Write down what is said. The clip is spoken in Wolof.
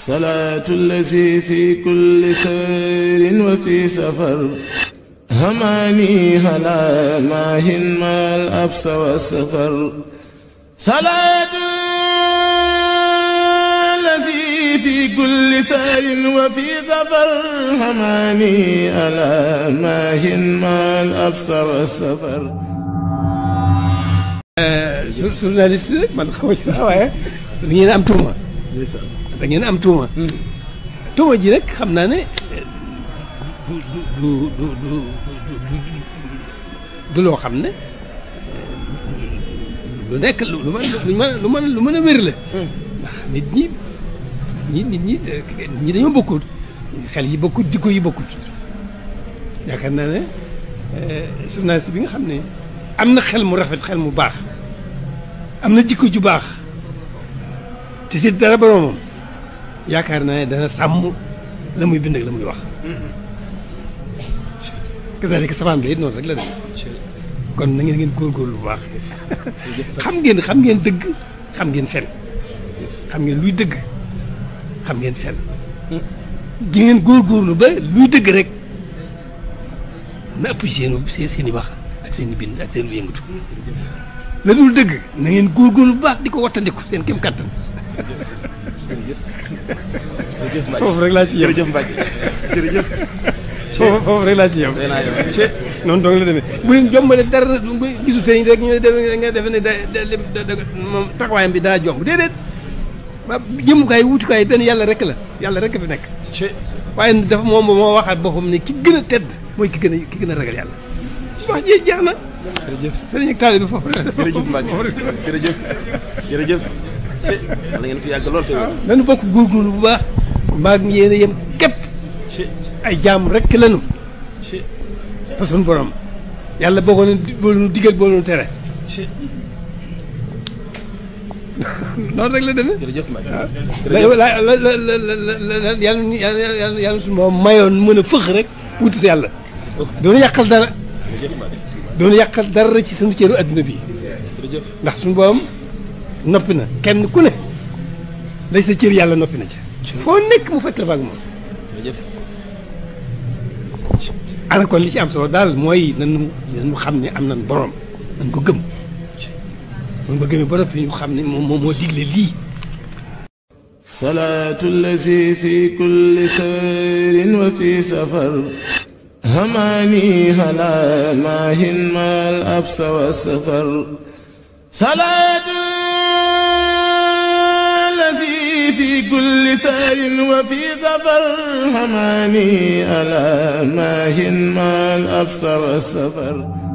salaatu lazi fi kulli sayrin wa fi safar hamaani halaa maahin maal absa wa safar salaatu lazi fi kulli sayrin wa fi safar hamaani halaa maahin maal absa wa safar. journaliste man xaw ma ci sax waaye li ngeen am tuuma. da ngeen am tuuma. Hmm. tuuma ji nag xam naa ne du du du du du loo xam ne lu nekk lu mën lu mën lu mën lu mën a wér la. Hmm. ndax nit ñi nit ñi nit ñi dañoo bokkut xel yi bokkut jikko yi bokkut yaakaar naa ne eh, journaliste bi nga xam ne am na xel mu rafet xel mu baax am na jikko ju baax te si dara boroomam. yaakaar naa ne dana sàmm la muy bind ak la muy wax. kasaalika sabaan bi it noonu rek la dem. kon na ngeen ngeen góorgóorlu bu baax. xam ngeen xam ngeen dëgg xam ngeen fen xam ngeen luy dëgg xam ngeen fen di ngeen góorgóorlu ba luy dëgg rek na ëpp seen seen i wax ak seen i bind ak seen i yëngatu. la dul dëgg na ngeen góorgóorlu lu baax di ko wattandiku seen kéem kattan. jërëjëf Mbacke foofu rek laa ci yem jërëjëf Mbacke jërëjëf. foofu foofu rek laa ci yem. noonu dong la demee bu leen jombale dara gisu sëriñ rek ñu ne nga defe ne da da moom taxawaayam bi daa jomb déedéet. ah jëmukaay wutukaay benn yàlla rek la yàlla rek fi nekk. waaye dafa moom moo waxaat boppam ne ki gën a tedd mooy ki gën a ki gën a ragal yàlla. wax jeex na. jërëjëf sëriñ ak taalibe bi foofu la. jërëjëf Mbacke jërëjëf jërëjëf. wala ngeen fi yàgg lool bokk góorgóorlu bu baax maag yéen a yem képp ay jaam rek lañu fa suñu borom yàlla boo ko boo nu digal boo nu tere noonu rek la demee. Ah. jërëjëf la la la la yàlla yàlla suñu moom mayoon mën a fëx rek wuti si yàlla. doon yàqal dara. doon yàqal dara ci suñu cëru adduna bi. ndax suñu borom. noppi na kenn ku ne lay cër yàlla noppi na ca. foo nekk mu fekk la fa moom. ana kon li ci am solo daal mooy nañu nañu xam ni am nañ borom nañ ko gëm. nañ ko gëmee ba noppi ñu xam ne moom moom moo digle lii. salaatu lazi fi kulli sayrin wa fi safar. hamaani halaa maahin maal wa safar. salaat lazi fi kulli saarin wa fi safar xamaani ala maahin maal absar safar